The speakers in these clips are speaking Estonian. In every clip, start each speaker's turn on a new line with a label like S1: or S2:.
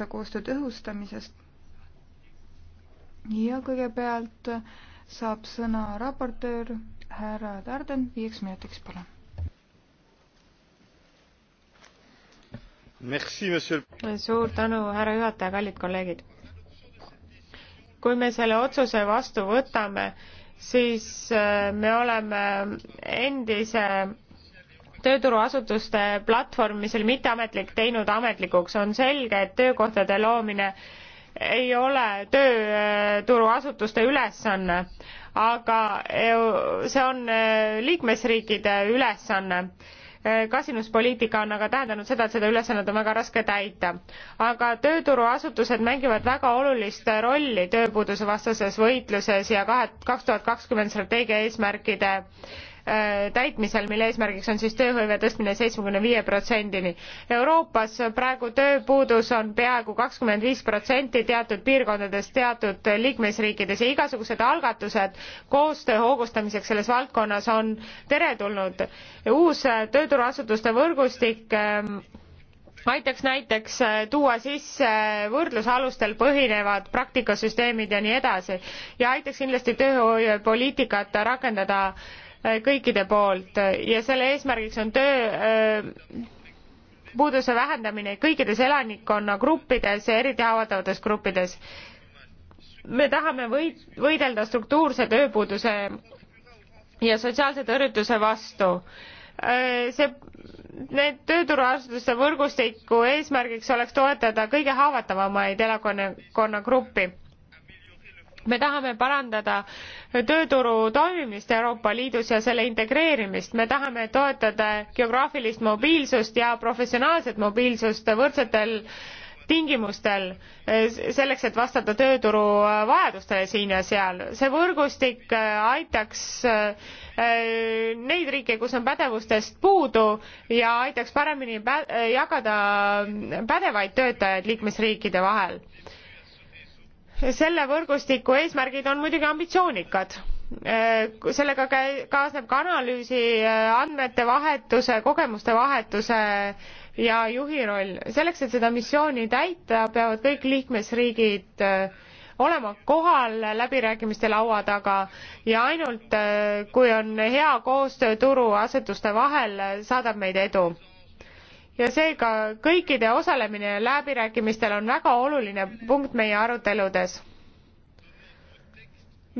S1: rääkida koostöö tõhustamisest. ja kõigepealt saab sõna raportöör härra Tarden, viieks minutiks, palun.
S2: suur tänu, härra juhataja, kallid kolleegid. kui me selle otsuse vastu võtame, siis äh, me oleme endise tööturuasutuste platvorm, mis oli mitteametlik, teinud ametlikuks. on selge, et töökohtade loomine ei ole tööturuasutuste ülesanne, aga see on äh, liikmesriikide ülesanne äh, kasinuspoliitika on aga tähendanud seda, et seda ülesannet on väga raske täita. aga tööturuasutused mängivad väga olulist rolli tööpuuduse vastases võitluses ja kahe, kaks tuhat kakskümmend strateegia eesmärkide Äh, täitmisel, mille eesmärgiks on siis tööhõive tõstmine seitsmekümne viie protsendini. Euroopas praegu tööpuudus on peaaegu kakskümmend viis protsenti teatud piirkondades, teatud liikmesriikides ja igasugused algatused koostöö hoogustamiseks selles valdkonnas on teretulnud. uus tööturuasutuste võrgustik ähm, aitaks näiteks äh, tuua sisse võrdlusalustel põhinevad praktikasüsteemid ja nii edasi ja aitaks kindlasti tööpoliitikat rakendada Äh, kõikide poolt ja selle eesmärgiks on töö äh, puuduse vähendamine kõikides elanikkonnagruppides ja eriti haavatavates gruppides. me tahame võid, võidelda struktuurse tööpuuduse ja sotsiaalse tõrjutuse vastu. Äh, see, need tööturuasutuste võrgustiku eesmärgiks oleks toetada kõige haavatavamaid elakonnagruppi me tahame parandada tööturu toimimist euroopa liidus ja selle integreerimist me tahame toetada geograafilist mobiilsust ja professionaalset mobiilsust võrdsetel tingimustel selleks et vastata tööturu äh, vajadustele siin ja seal see võrgustik äh, aitaks äh, neid riike kus on pädevustest puudu ja aitaks paremini pä jagada pädevaid töötajaid liikmesriikide vahel selle võrgustiku eesmärgid on muidugi ambitsioonikad äh, sellega kaasneb ka analüüsi äh, andmete vahetuse kogemuste vahetuse ja juhi roll selleks et seda missiooni täita peavad kõik liikmesriigid äh, olema kohal läbirääkimiste laua taga ja ainult kui on hea koostöö turuasutuste vahel saadab meid edu ja seega kõikide osalemine läbirääkimistel on väga oluline punkt meie aruteludes.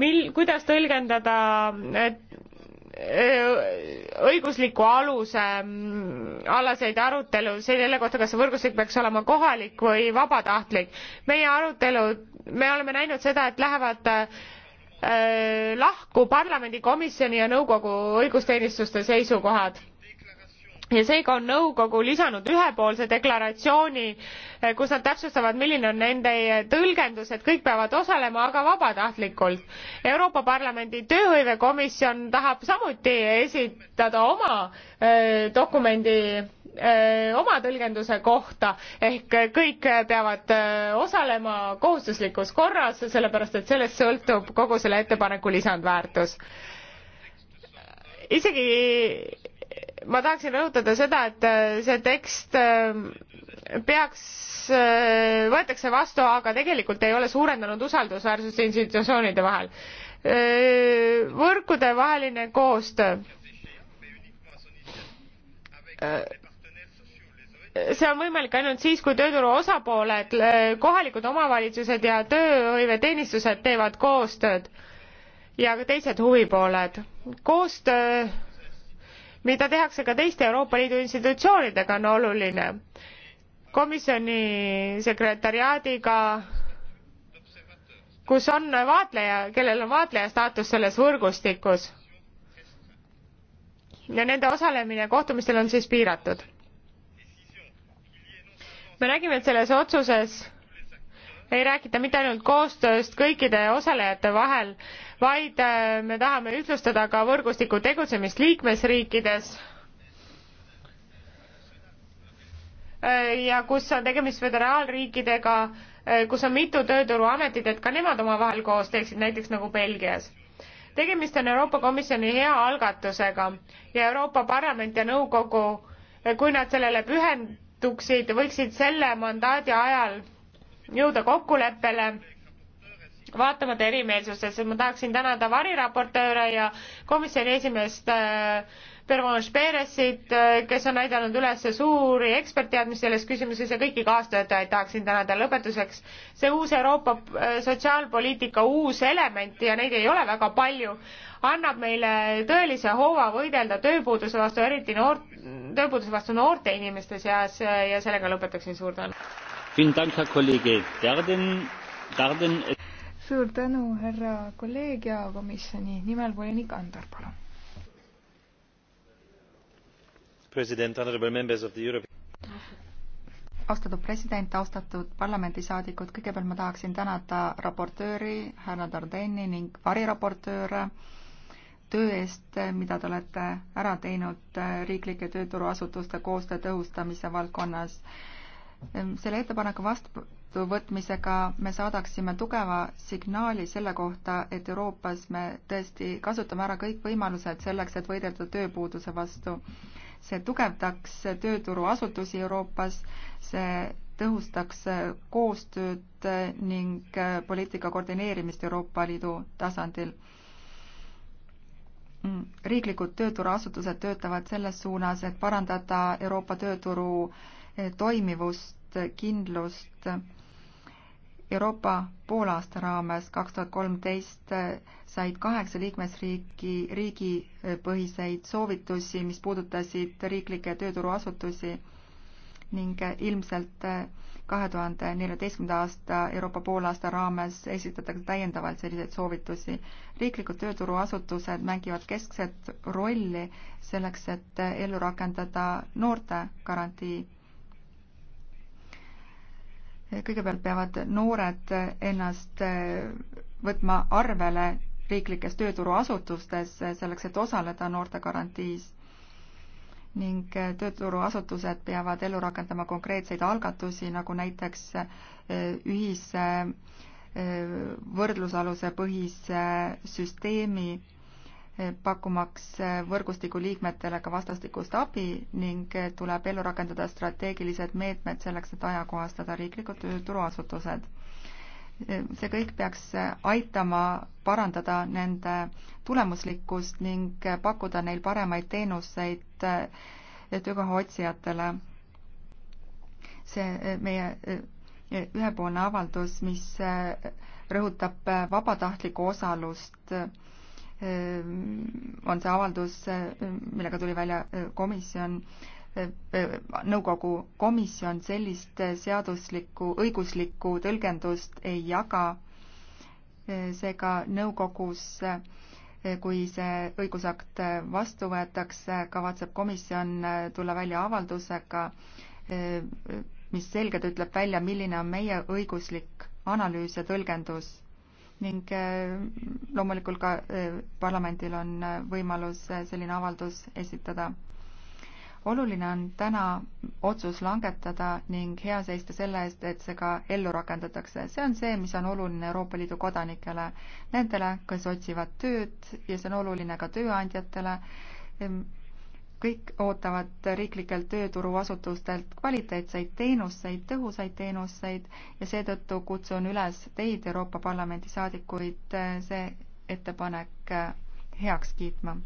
S2: mil-, kuidas tõlgendada e, õigusliku aluse mm, alaseid arutelu selle kohta, kas see võrgustik peaks olema kohalik või vabatahtlik. meie arutelud, me oleme näinud seda, et lähevad äh, lahku parlamendikomisjoni ja nõukogu õigusteenistuste seisukohad ja seega on nõukogu lisanud ühepoolse deklaratsiooni eh, kus nad täpsustavad milline on nende tõlgendus et kõik peavad osalema aga vabatahtlikult. euroopa parlamendi tööhõivekomisjon tahab samuti esitada oma öö, eh, dokumendi öö, eh, oma tõlgenduse kohta ehk kõik peavad öö, osalema kohustuslikus korras sellepärast et sellest sõltub kogu selle ettepaneku lisandväärtus. isegi ma tahaksin rõhutada seda, et äh, see tekst äh, peaks, äh, võetakse vastu, aga tegelikult ei ole suurendanud usaldusväärsust institutsioonide vahel. võrkude vaheline koostöö. see on võimalik ainult siis, kui tööturu osapooled, kohalikud omavalitsused ja tööhõiveteenistused teevad koostööd ja ka teised huvipooled. koostöö mida tehakse ka teiste Euroopa Liidu institutsioonidega, on oluline. komisjoni sekretariaadiga, kus on vaatleja, kellel on vaatleja staatus selles võrgustikus. ja nende osalemine kohtumistel on siis piiratud. me nägime, et selles otsuses ei räägita mitte ainult koostööst kõikide osalejate vahel, vaid äh, me tahame ühtlustada ka võrgustiku tegutsemist liikmesriikides äh, ja kus on tegemist föderaalriikidega, äh, kus on mitu tööturuametit, et ka nemad omavahel koos teeksid, näiteks nagu Belgias. tegemist on Euroopa Komisjoni hea algatusega ja Euroopa Parlament ja Nõukogu, kui nad sellele pühenduksid, võiksid selle mandaadi ajal jõuda kokkuleppele vaatamata erimeelsustesse, ma tahaksin tänada variraportööre ja komisjoni esimeest äh, Pervanche Peresit, äh, kes on näidanud üles suuri ekspertteadmisi selles küsimuses ja kõiki kaastöötajaid tahaksin tänada. lõpetuseks, see uus Euroopa äh, sotsiaalpoliitika uus element ja neid ei ole väga palju, annab meile tõelise hoova võidelda tööpuuduse vastu, eriti noort, tööpuuduse vastu noorte inimeste seas ja sellega lõpetaksin, suur tänu suur tänu, härra kolleeg ja
S3: komisjoni nimel volinik Andor, palun.
S1: president, honorable members of the European
S3: austatud president, austatud parlamendisaadikud, kõigepealt ma tahaksin tänada raportööri härra Dardeni ning variraportööre töö eest, mida te olete ära teinud riiklike tööturuasutuste koostöö tõhustamise valdkonnas. selle ettepaneku vastu vastuvõtmisega me saadaksime tugeva signaali selle kohta, et Euroopas me tõesti kasutame ära kõik võimalused selleks, et võidelda tööpuuduse vastu. see tugevdaks tööturuasutusi Euroopas, see tõhustaks koostööd ning poliitika koordineerimist Euroopa Liidu tasandil. riiklikud tööturuasutused töötavad selles suunas, et parandada Euroopa tööturu toimivust, kindlust Euroopa poolaasta raames kaks tuhat kolmteist said kaheksa liikmesriiki riigipõhiseid soovitusi, mis puudutasid riiklikke tööturuasutusi ning ilmselt kahe tuhande neljateistkümnenda aasta Euroopa poolaasta raames esitatakse täiendavalt selliseid soovitusi. riiklikud tööturuasutused mängivad keskset rolli selleks, et ellu rakendada noorte garantii kõigepealt peavad noored ennast äh, võtma arvele riiklikes tööturuasutustes äh, selleks, et osaleda noortegarantiis ning äh, tööturuasutused peavad ellu rakendama konkreetseid algatusi, nagu näiteks ühise võrdlusaluse põhise süsteemi pakkumaks võrgustiku liikmetele ka vastastikust abi ning tuleb ellu rakendada strateegilised meetmed selleks, et ajakohastada riiklikud turuasutused. see kõik peaks aitama parandada nende tulemuslikkust ning pakkuda neil paremaid teenuseid eh, töökoha otsijatele. see eh, meie eh, ühepoolne avaldus, mis rõhutab vabatahtlikku osalust Ehm, on see avaldus, ehm, millega tuli välja ehm, komisjon, nõukogu komisjon sellist seaduslikku, õiguslikku tõlgendust ei jaga. seega nõukogus, kui see õigusakt vastu võetakse, kavatseb komisjon tulla välja avaldusega, mis selgelt ütleb välja, milline on meie õiguslik analüüs ja tõlgendus ning äh, loomulikult ka äh, parlamendil on äh, võimalus selline avaldus esitada. oluline on täna otsus langetada ning hea seista selle eest, et see ka ellu rakendatakse. see on see, mis on oluline Euroopa Liidu kodanikele, nendele, kes otsivad tööd ja see on oluline ka tööandjatele ehm, kõik ootavad riiklikelt tööturuasutustelt kvaliteetseid teenuseid, tõhusaid teenuseid ja seetõttu kutsun üles teid, Euroopa Parlamendi saadikuid, see ettepanek heaks kiitma.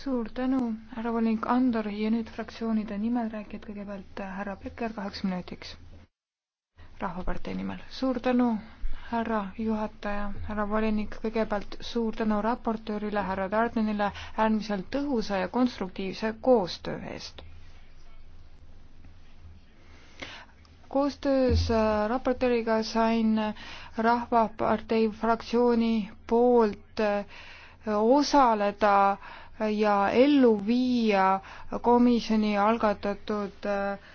S3: suur tänu, härra volinik
S1: Andor ja nüüd fraktsioonide nimel räägid kõigepealt härra Peker kaheks minutiks. rahvapartei nimel, suur tänu, härra juhataja, härra volinik, kõigepealt suur tänu raportöörile, härra Tardenile äärmiselt tõhusa ja konstruktiivse koostöö eest. koostöös äh, raportööriga sain Rahvapartei fraktsiooni poolt äh, osaleda ja ellu viia komisjoni algatatud äh,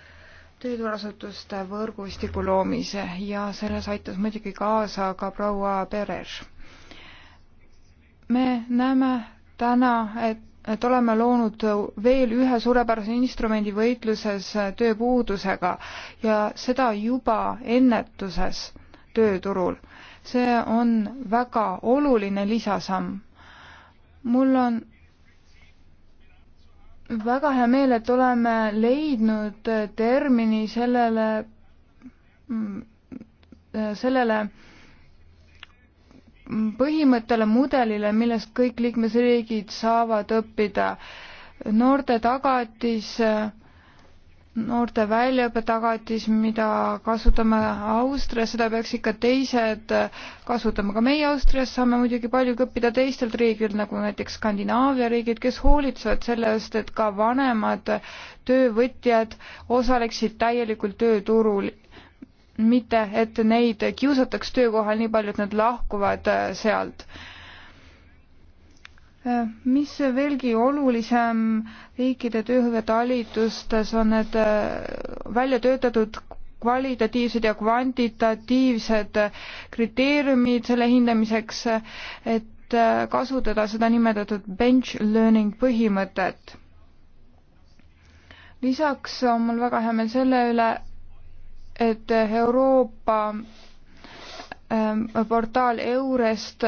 S1: tööturuasutuste võrgustiku loomise ja selles aitas muidugi kaasa ka proua Peres. me näeme täna, et, et oleme loonud veel ühe suurepärase instrumendi võitluses tööpuudusega ja seda juba ennetuses tööturul. see on väga oluline lisasamm. mul on väga hea meel, et oleme leidnud termini sellele, mm, sellele põhimõttele, mudelile, millest kõik liikmesriigid saavad õppida. noorte tagatis äh, noorte väljaõppetagatis, mida kasutame Austrias, seda peaks ikka teised kasutama. ka meie Austrias saame muidugi palju õppida teistelt riigilt, nagu näiteks Skandinaavia riigid, kes hoolitsevad selle eest, et ka vanemad töövõtjad osaleksid täielikult tööturul, mitte et neid kiusataks töökohal nii palju, et nad lahkuvad sealt mis veelgi olulisem riikide tööhõivetalitustes on need äh, välja töötatud kvalitatiivsed ja kvantitatiivsed kriteeriumid selle hindamiseks, et äh, kasutada seda nimetatud bench learning põhimõtet. lisaks on mul väga hea meel selle üle, et Euroopa ähm, portaal Eurest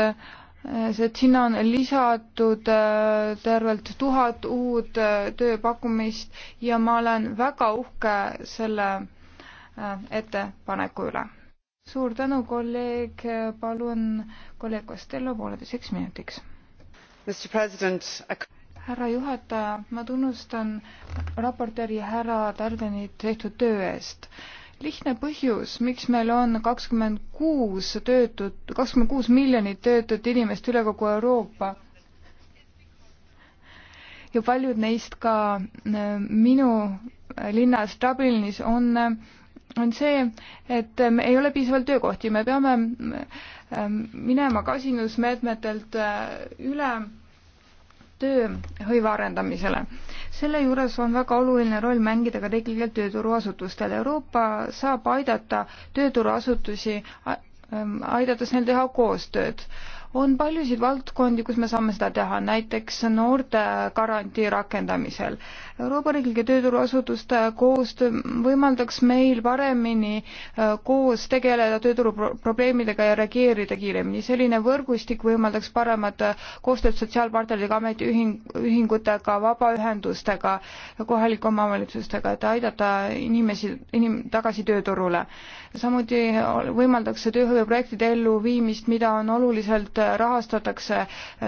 S1: see, et sinna on lisatud äh, tervelt tuhat uut äh, tööpakkumist ja ma olen väga uhke selle äh, ettepaneku üle. suur tänu, kolleeg, palun kolleeg Costello pooleteiseks minutiks. härra juhataja, ma tunnustan raportööri härra Tardenit tehtud töö eest lihtne põhjus, miks meil on kakskümmend kuus töötut, kakskümmend kuus miljonit töötut inimest üle kogu Euroopa. ja paljud neist ka äh, minu linnas Dublinis on, on see, et äh, ei ole piisavalt töökohti, me peame äh, minema kasinusmeetmetelt üle tööhõive arendamisele selle juures on väga oluline roll mängida ka tegelikult tööturuasutustel. Euroopa saab aidata tööturuasutusi, ähm, aidates neil teha koostööd on paljusid valdkondi, kus me saame seda teha, näiteks noorte garantii rakendamisel. Euroopa riiklike tööturuasutuste koostöö võimaldaks meil paremini äh, koos tegeleda tööturu probleemidega ja reageerida kiiremini. selline võrgustik võimaldaks paremat äh, koostööd sotsiaalpartneritega, ametiühingutega, vabaühendustega, kohalike omavalitsustega, et aidata inimesi inim-, tagasi tööturule samuti võimaldatakse tööhõiveprojektide elluviimist, mida on oluliselt rahastatakse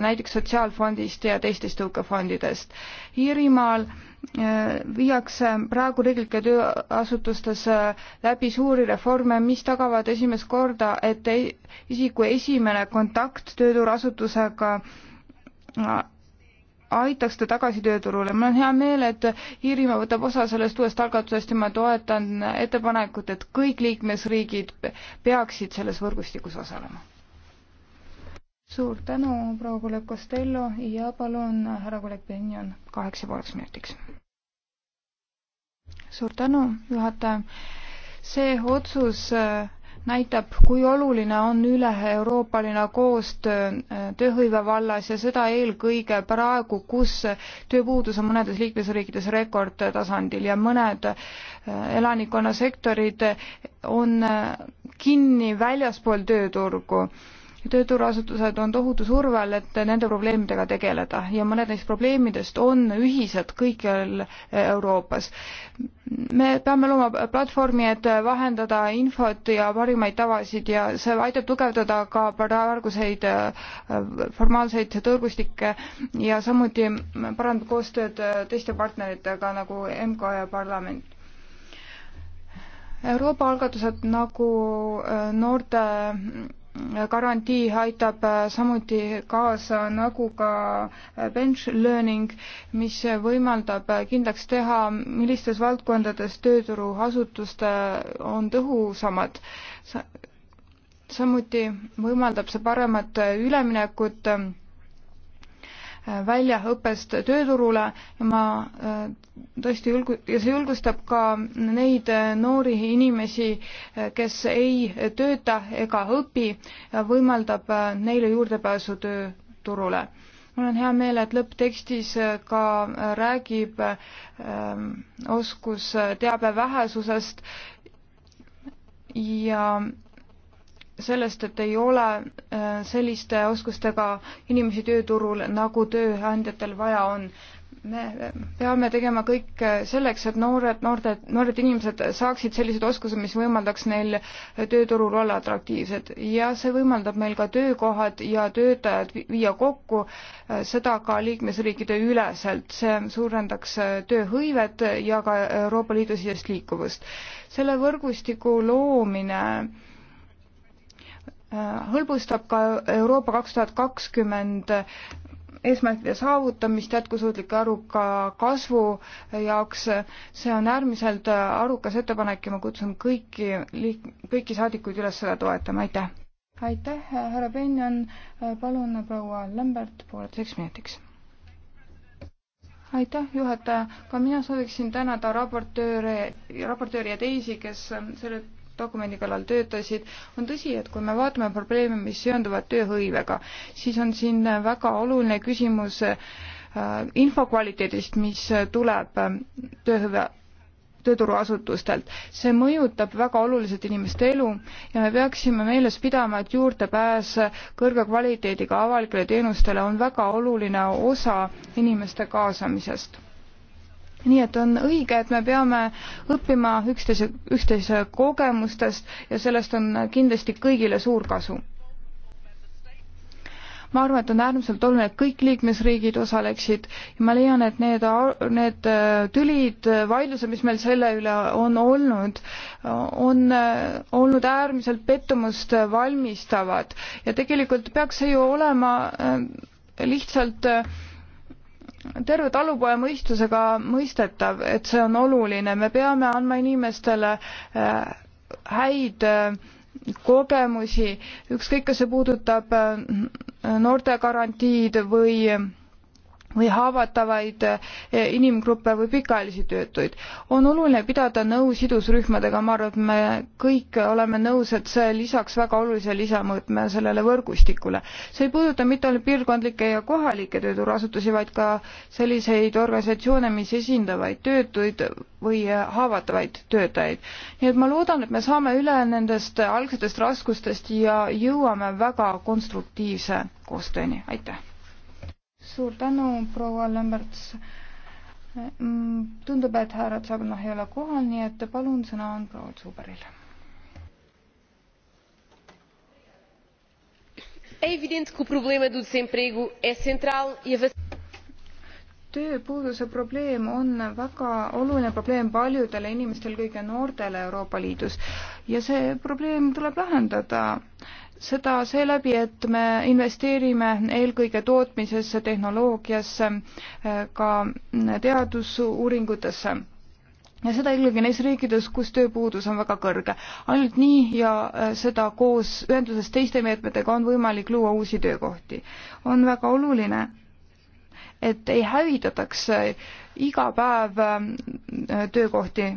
S1: näiteks Sotsiaalfondist ja teistest tõukefondidest. Iirimaal äh, viiakse praegu riiklike tööasutustes äh, läbi suuri reforme, mis tagavad esimest korda, et isiku esimene kontakt tööturuasutusega äh, aitaks ta tagasi tööturule. mul on hea meel, et Iirimaa võtab osa sellest uuest algatusest ja ma toetan ettepanekut, et kõik liikmesriigid peaksid selles võrgustikus osalema. suur tänu, proua kolleeg Costello ja palun härra kolleeg Benjon kaheks ja pooleks minutiks. suur tänu, juhataja. see otsus äh, näitab, kui oluline on üle-euroopaline koostöö äh, tööhõive vallas ja seda eelkõige praegu, kus tööpuudus on mõnedes liikmesriikides rekordtasandil ja mõned äh, elanikkonnasektorid on äh, kinni väljaspool tööturgu tööturuasutused on tohutu surve all, et nende probleemidega tegeleda ja mõned neist probleemidest on ühised kõikjal eh, Euroopas. me peame looma platvormi, et vahendada infot ja parimaid tavasid ja see aitab tugevdada ka praeguseid eh, formaalseid tõrgustikke ja samuti parandab koostööd eh, teiste partneritega nagu MKA ja parlament Euroopa algatused nagu noorte garantii aitab äh, samuti kaasa nagu ka äh, bench learning, mis võimaldab äh, kindlaks teha, millistes valdkondades tööturuasutused on tõhusamad. samuti võimaldab see paremat üleminekut väljaõppest tööturule ja ma äh, tõesti julgu-, ja see julgustab ka neid äh, noori inimesi, äh, kes ei tööta ega õpi, võimaldab neile juurdepääsu tööturule. mul on hea meel, et lõpptekstis ka räägib ähm, oskusteabe vähesusest ja sellest, et ei ole äh, selliste oskustega inimesi tööturul, nagu tööandjatel vaja on. me äh, peame tegema kõik äh, selleks, et noored, noored, noored inimesed saaksid sellised oskused, mis võimaldaks neil tööturul olla atraktiivsed ja see võimaldab meil ka töökohad ja töötajad viia kokku, seda ka liikmesriikide üleselt, see suurendaks tööhõivet ja ka Euroopa Liidu sisest liikuvust. selle võrgustiku loomine hõlbustab ka Euroopa kaks tuhat kakskümmend eesmärkide saavutamist jätkusuutliku aruka kasvu jaoks. see on äärmiselt arukas ettepanek ja ma kutsun kõiki, kõiki saadikuid üles seda toetama, aitäh! aitäh, härra Benjan, palun proua Lambert pooleteiseks minutiks aitäh, juhataja. ka mina sooviksin tänada raportööre, raportööri ja teisi, kes selle dokumendi kallal töötasid, on tõsi, et kui me vaatame probleeme, mis seonduvad tööhõivega, siis on siin väga oluline küsimus äh, info kvaliteedist, mis tuleb äh, tööhõive tööturuasutustelt. see mõjutab väga oluliselt inimeste elu ja me peaksime meeles pidama, et juurdepääs kõrge kvaliteediga avalikele teenustele on väga oluline osa inimeste kaasamisest nii et on õige, et me peame õppima üksteise, üksteise kogemustest ja sellest on kindlasti kõigile suur kasu. ma arvan, et on äärmiselt oluline, et kõik liikmesriigid osaleksid ja ma leian, et need, need tülid, vaidlused, mis meil selle üle on olnud, on olnud äärmiselt pettumust valmistavad ja tegelikult peaks see ju olema lihtsalt äh, terve talupoja mõistusega mõistetav, et see on oluline, me peame andma inimestele äh, häid äh, kogemusi, ükskõik, kas see puudutab äh, noortegarantiid või või haavatavaid eh, inimgruppe või pikaajalisi töötuid. on oluline pidada nõu sidusrühmadega, ma arvan, et me kõik oleme nõus, et see lisaks väga olulise lisamõõtme sellele võrgustikule. see ei puuduta mitte ainult piirkondlikke ja kohalikke tööturuasutusi, vaid ka selliseid organisatsioone, mis esindavaid töötuid või haavatavaid töötajaid. nii et ma loodan, et me saame üle nendest algsetest raskustest ja jõuame väga konstruktiivse koostööni, aitäh! suur tänu, proua Lamberts. Mm, tundub, et härra Tsagnoh ei ole kohal, nii et palun, sõna on proua Zuberil.
S2: É evidente que o problema do desemprego é central e a
S1: tööpuuduse probleem on väga oluline probleem paljudele inimestele, kõige noortele Euroopa Liidus ja see probleem tuleb lahendada äh, seda seeläbi, et me investeerime eelkõige tootmisesse, tehnoloogiasse, ka teadusuuringutesse ja seda eelkõige neis riikides, kus tööpuudus on väga kõrge. ainult nii ja äh, seda koos ühenduses teiste meetmetega on võimalik luua uusi töökohti. on väga oluline, et ei hävitataks äh, iga päev äh, töökohti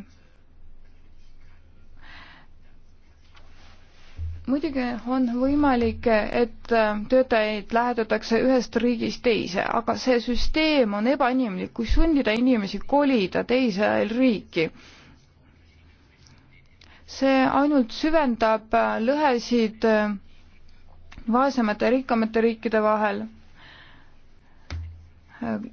S1: muidugi on võimalik, et äh, töötajaid lähetatakse ühest riigist teise, aga see süsteem on ebainimlik, kui sundida inimesi kolida teise riiki. see ainult süvendab äh, lõhesid äh, vaesemate ja rikkamate riikide vahel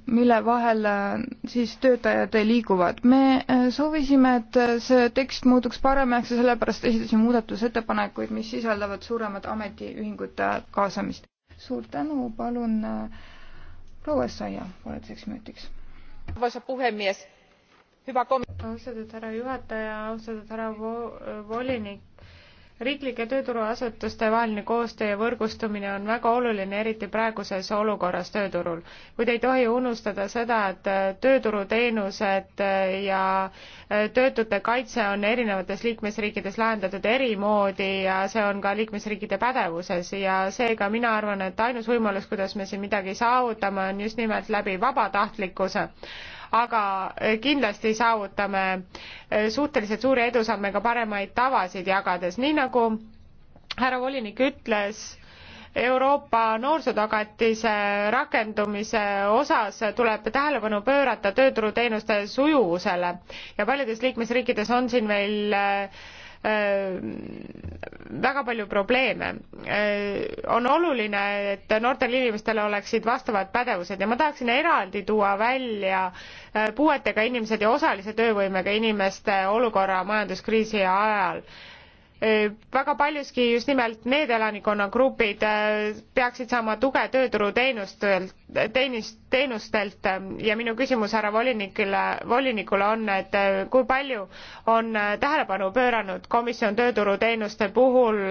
S1: mille vahel äh, siis töötajad liiguvad. me äh, soovisime, et äh, see tekst muutuks paremaks ja sellepärast esitasin muudatusettepanekuid, mis sisaldavad suuremat ametiühingute kaasamist. suur tänu, palun proua Essaia pooleteiseks minutiks.
S2: arvoisa puhemees, hüva kom-. austatud härra juhataja, austatud härra vo-, volinik, riiklike tööturuasutuste vaheline koostöö ja võrgustumine on väga oluline, eriti praeguses olukorras tööturul. kuid ei tohi unustada seda, et äh, tööturuteenused äh, ja äh, töötute kaitse on erinevates liikmesriikides lahendatud eri moodi ja see on ka liikmesriikide pädevuses ja seega mina arvan, et ainus võimalus, kuidas me siin midagi saavutame, on just nimelt läbi vabatahtlikkuse aga kindlasti saavutame eh, suhteliselt suuri edusamme ka paremaid tavasid jagades, nii nagu härra volinik ütles, Euroopa noorsootagatise rakendumise osas tuleb tähelepanu pöörata tööturuteenuste sujuvusele ja paljudes liikmesriikides on siin veel eh, Äh, väga palju probleeme. Äh, on oluline, et noortel inimestel oleksid vastavad pädevused ja ma tahaksin eraldi tuua välja äh, puuetega inimesed ja osalise töövõimega inimeste olukorra majanduskriisi ajal Eh, väga paljuski just nimelt need elanikkonnagrupid eh, peaksid saama tuge tööturuteenustelt, teenist, teenustelt ja minu küsimus härra volinikule, volinikule on, et eh, kui palju on tähelepanu pööranud komisjon tööturuteenuste puhul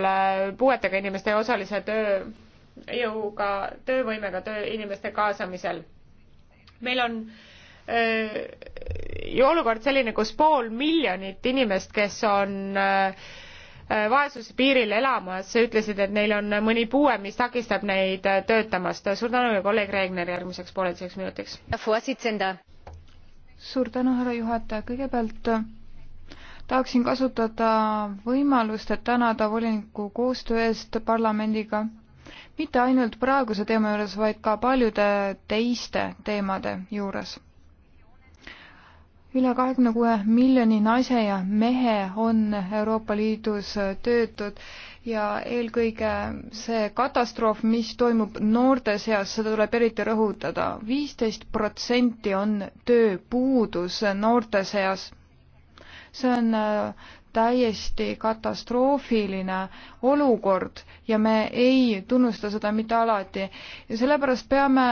S2: puuetega inimeste ja osalise tööjõuga, töövõimega töö, inimeste kaasamisel? meil on öö, ju olukord selline, kus pool miljonit inimest, kes on öö, Äh, vaesuse piiril elamas, ütlesid, et neil on mõni puue, mis takistab neid äh, töötamast. suur tänu ja kolleeg Regner järgmiseks pooleteiseks minutiks.
S1: suur tänu, härra juhataja, kõigepealt äh, tahaksin kasutada võimalust, et tänada voliniku koostöö eest parlamendiga, mitte ainult praeguse teema juures, vaid ka paljude teiste teemade juures üle kahekümne kuue miljoni naise ja mehe on Euroopa Liidus töötud ja eelkõige see katastroof, mis toimub noorte seas, seda tuleb eriti rõhutada. viisteist protsenti on tööpuudus noorte seas. see on äh, täiesti katastroofiline olukord ja me ei tunnusta seda mitte alati. ja sellepärast peame,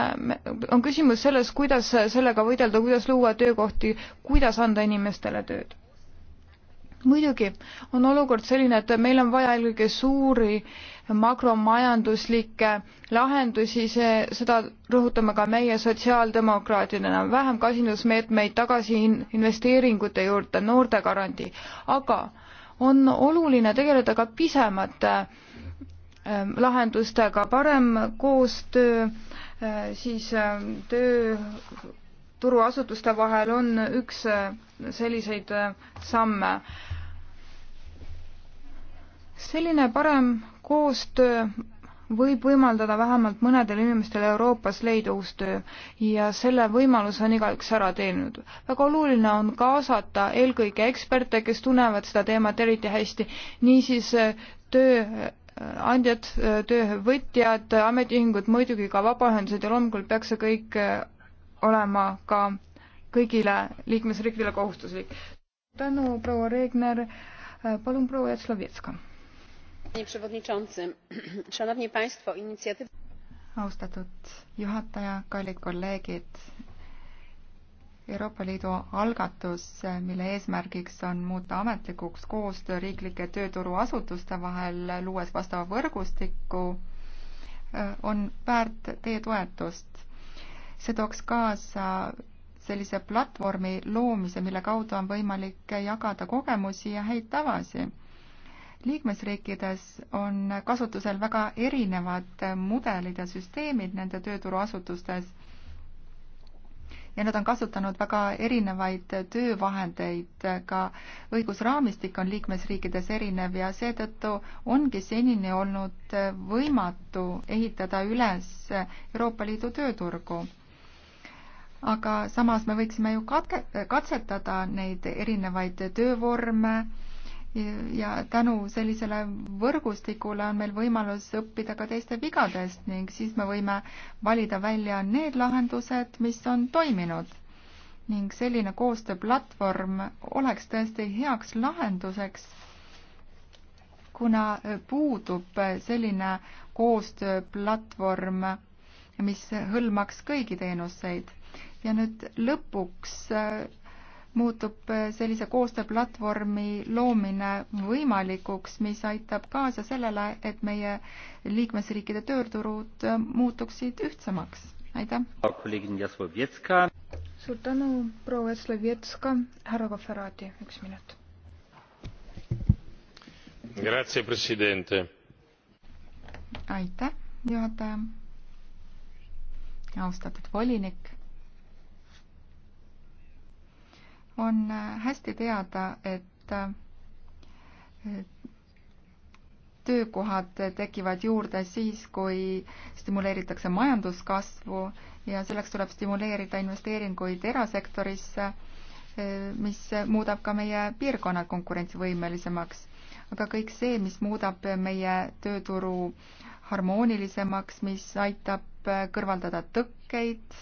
S1: on küsimus selles, kuidas sellega võidelda, kuidas luua töökohti, kuidas anda inimestele tööd muidugi on olukord selline, et meil on vaja eelkõige suuri makromajanduslikke lahendusi, see, seda rõhutame ka meie sotsiaaldemokraatidena, vähem kasinusmeetmeid tagasi investeeringute juurde, noortegarantii, aga on oluline tegeleda ka pisemate ähm, lahendustega, parem koostöö äh, siis ähm, töö turuasutuste vahel on üks äh, selliseid äh, samme. selline parem koostöö võib võimaldada vähemalt mõnedel inimestel Euroopas leida uus töö ja selle võimaluse on igaüks ära teeninud. väga oluline on kaasata eelkõige eksperte, kes tunnevad seda teemat eriti hästi, niisiis äh, tööandjad, töövõtjad, ametiühingud, muidugi ka vabaühendused ja loomulikult peaks see kõik olema ka kõigile liikmesriikidele kohustuslik. tänu, proua Regner, palun proua Jatslovetska.
S3: austatud juhataja, kallid kolleegid, Euroopa Liidu algatus, mille eesmärgiks on muuta ametlikuks koostöö riiklike tööturuasutuste vahel, luues vastava võrgustiku, on väärt teie toetust see tooks kaasa sellise platvormi loomise, mille kaudu on võimalik jagada kogemusi ja häid tavasi. liikmesriikides on kasutusel väga erinevad mudelid ja süsteemid nende tööturuasutustes ja nad on kasutanud väga erinevaid töövahendeid, ka õigusraamistik on liikmesriikides erinev ja seetõttu ongi senini olnud võimatu ehitada üles Euroopa Liidu tööturgu aga samas me võiksime ju katke, katsetada neid erinevaid töövorme ja tänu sellisele võrgustikule on meil võimalus õppida ka teiste vigadest ning siis me võime valida välja need lahendused, mis on toiminud. ning selline koostööplatvorm oleks tõesti heaks lahenduseks, kuna puudub selline koostööplatvorm, mis hõlmaks kõigi teenuseid ja nüüd lõpuks äh, muutub äh, sellise koostööplatvormi loomine võimalikuks, mis aitab kaasa sellele, et meie liikmesriikide tööturud äh, muutuksid ühtsemaks. aitäh! suur tänu, proua Jaslovetska,
S1: härra Koferaati, üks minut.
S3: aitäh, juhataja. austatud volinik on äh, hästi teada, et äh, töökohad tekivad juurde siis, kui stimuleeritakse majanduskasvu ja selleks tuleb stimuleerida investeeringuid erasektorisse, äh, mis muudab ka meie piirkonnad konkurentsivõimelisemaks. aga kõik see, mis muudab meie tööturu harmoonilisemaks, mis aitab kõrvaldada tõkkeid,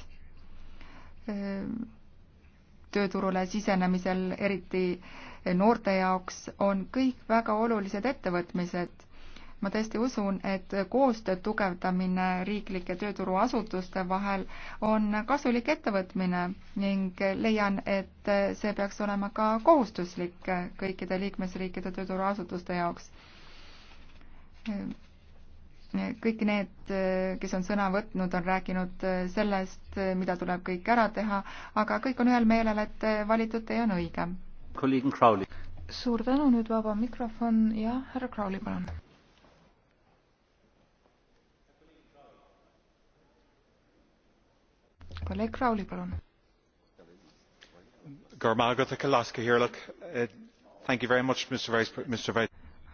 S3: tööturule sisenemisel, eriti noorte jaoks, on kõik väga olulised ettevõtmised. ma tõesti usun, et koostöö tugevdamine riiklike tööturuasutuste vahel on kasulik ettevõtmine ning leian, et see peaks olema ka kohustuslik kõikide liikmesriikide tööturuasutuste jaoks kõik need, kes on sõna võtnud, on rääkinud sellest, mida tuleb kõik ära teha, aga kõik on ühel meelel, et valitud tee on õige. suur tänu, nüüd vaba mikrofon ja härra Crowley,
S2: palun.
S1: kolleeg Crowley, palun.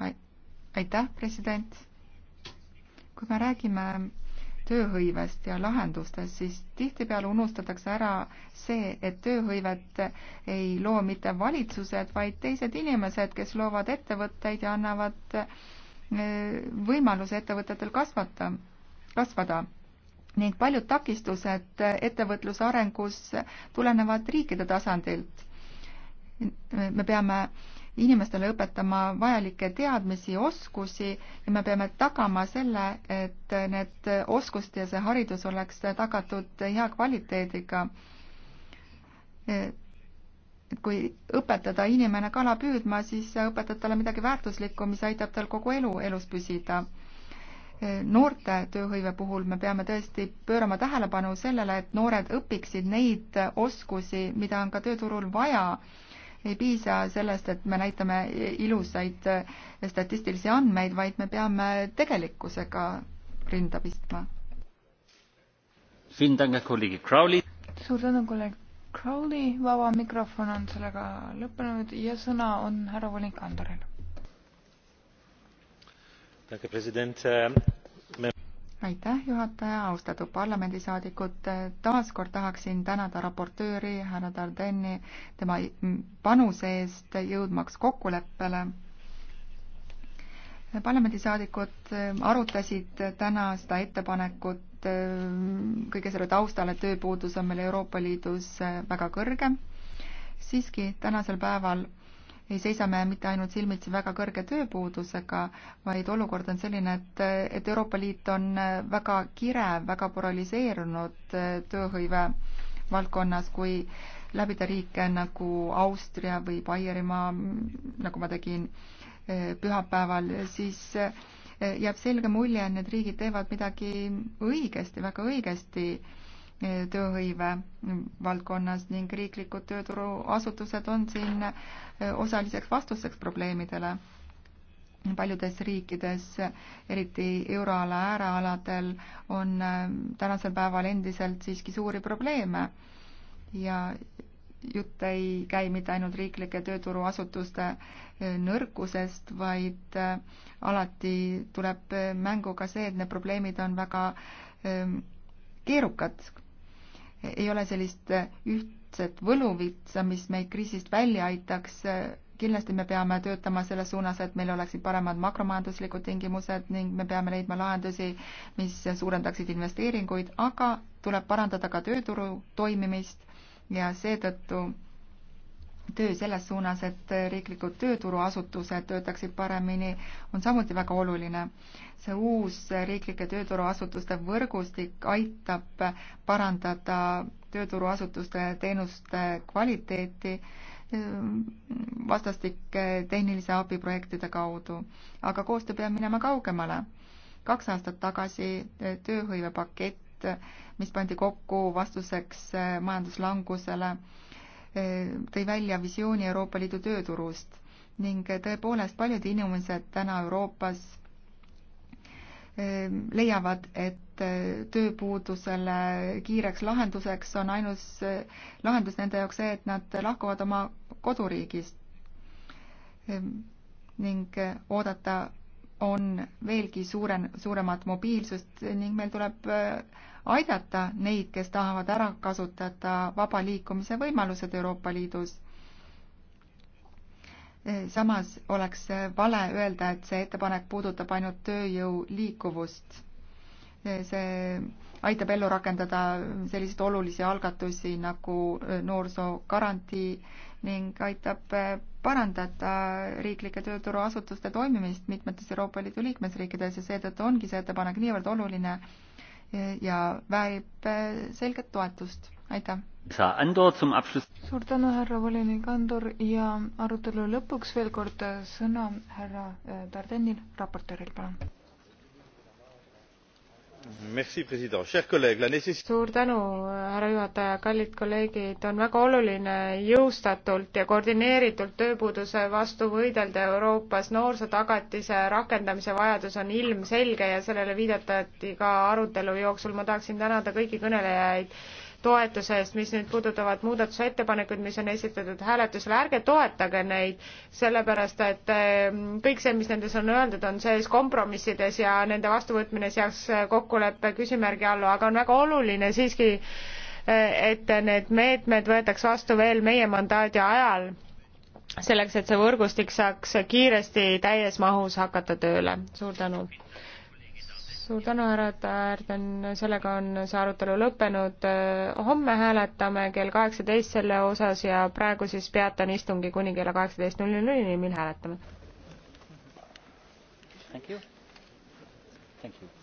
S3: Uh, aitäh, president kui me räägime tööhõivest ja lahendustest, siis tihtipeale unustatakse ära see, et tööhõivet ei loo mitte valitsused, vaid teised inimesed, kes loovad ettevõtteid ja annavad eh, võimaluse ettevõtetel kasvata, kasvada. ning paljud takistused ettevõtluse arengus tulenevad riikide tasandilt. me peame äh, inimestele õpetama vajalikke teadmisi, oskusi ja me peame tagama selle, et need oskused ja see haridus oleks tagatud hea kvaliteediga. et kui õpetada inimene kala püüdma, siis õpetad talle midagi väärtuslikku, mis aitab tal kogu elu elus püsida noorte tööhõive puhul me peame tõesti pöörama tähelepanu sellele, et noored õpiksid neid oskusi, mida on ka tööturul vaja ei piisa sellest, et me näitame ilusaid äh, statistilisi andmeid, vaid me peame tegelikkusega rinda pistma. suur tänu, kolleeg Crowley, vaba mikrofon on
S1: sellega lõppenud ja sõna on härra volinik Andoril
S3: aitäh, juhataja, austatud parlamendisaadikud, taaskord tahaksin tänada raportööri härra Dardenni tema panuse eest jõudmaks kokkuleppele. parlamendisaadikud ähm, arutasid täna seda ettepanekut ähm, kõige selle taustal, et tööpuudus on meil Euroopa Liidus äh, väga kõrge. siiski tänasel päeval ei seisa me mitte ainult silmitsi väga kõrge tööpuudusega, vaid olukord on selline, et, et Euroopa Liit on väga kirev, väga polariseerunud äh, tööhõive valdkonnas, kui läbida riike nagu Austria või Baierimaa, nagu ma tegin äh, pühapäeval, siis äh, jääb selge mulje, et need riigid teevad midagi õigesti, väga õigesti tööhõive valdkonnas ning riiklikud tööturuasutused on siin eh, osaliseks vastuseks probleemidele. paljudes riikides, eriti euroala äärealadel, on eh, tänasel päeval endiselt siiski suuri probleeme ja jutt ei käi mitte ainult riiklike tööturuasutuste eh, nõrkusest, vaid alati tuleb mängu ka see, et need probleemid on väga keerukad ei ole sellist äh, ühtset võluvitsa, mis meid kriisist välja aitaks, kindlasti me peame töötama selles suunas, et meil oleksid paremad makromajanduslikud tingimused ning me peame leidma lahendusi, mis suurendaksid investeeringuid, aga tuleb parandada ka tööturu toimimist ja seetõttu töö selles suunas, et riiklikud tööturuasutused töötaksid paremini, on samuti väga oluline. see uus riiklike tööturuasutuste võrgustik aitab parandada tööturuasutuste teenuste kvaliteeti ehm, vastastike tehnilise abi projektide kaudu. aga koostöö peab minema kaugemale. kaks aastat tagasi tööhõivepakett, mis pandi kokku vastuseks eh, majanduslangusele, Eh, tõi välja visiooni Euroopa Liidu tööturust ning eh, tõepoolest paljud inimesed täna Euroopas eh, leiavad, et tööpuudusele kiireks lahenduseks on ainus lahendus nende jaoks see, et nad lahkuvad oma koduriigist ehm, ning oodata on veelgi suurem, suuremat mobiilsust ning meil tuleb äh, aidata neid, kes tahavad ära kasutada vaba liikumise võimalused Euroopa Liidus. Äh, samas oleks vale öelda, et see ettepanek puudutab ainult tööjõu liikuvust. Äh, see aitab ellu rakendada selliseid olulisi algatusi nagu noorsoogarantii ning aitab parandada riiklike tööturuasutuste toimimist mitmetes Euroopa Liidu liikmesriikides ja seetõttu ongi see ettepanek niivõrd oluline ja väärib eh, selget toetust. aitäh!
S1: suur tänu, härra volinik Andor ja arutelu lõpuks veel kord eh, sõna härra eh, Dardenil,
S2: raportööril, palun! suur tänu härra juhataja kallid kolleegid on väga oluline jõustatult ja koordineeritult tööpuuduse vastu võidelda euroopas noorsootagatise rakendamise vajadus on ilmselge ja sellele viidatati ka arutelu jooksul ma tahaksin tänada kõiki kõnelejaid toetuse eest, mis nüüd puudutavad muudatusettepanekuid, mis on esitatud hääletusele, ärge toetage neid, sellepärast et ehm, kõik see, mis nendes on öeldud, on sees kompromissides ja nende vastuvõtmine seaks kokkuleppe küsimärgi alla, aga on väga oluline siiski, e, et need meetmed võetaks vastu veel meie mandaadi ajal, selleks et see võrgustik saaks kiiresti täies mahus hakata tööle. suur tänu! suur tänu, härra Tärden, sellega on see arutelu lõppenud. homme hääletame kell kaheksateist selle osas ja praegu siis peatan istungi kuni kella kaheksateist null null null, mil hääletame. Thank you. Thank you.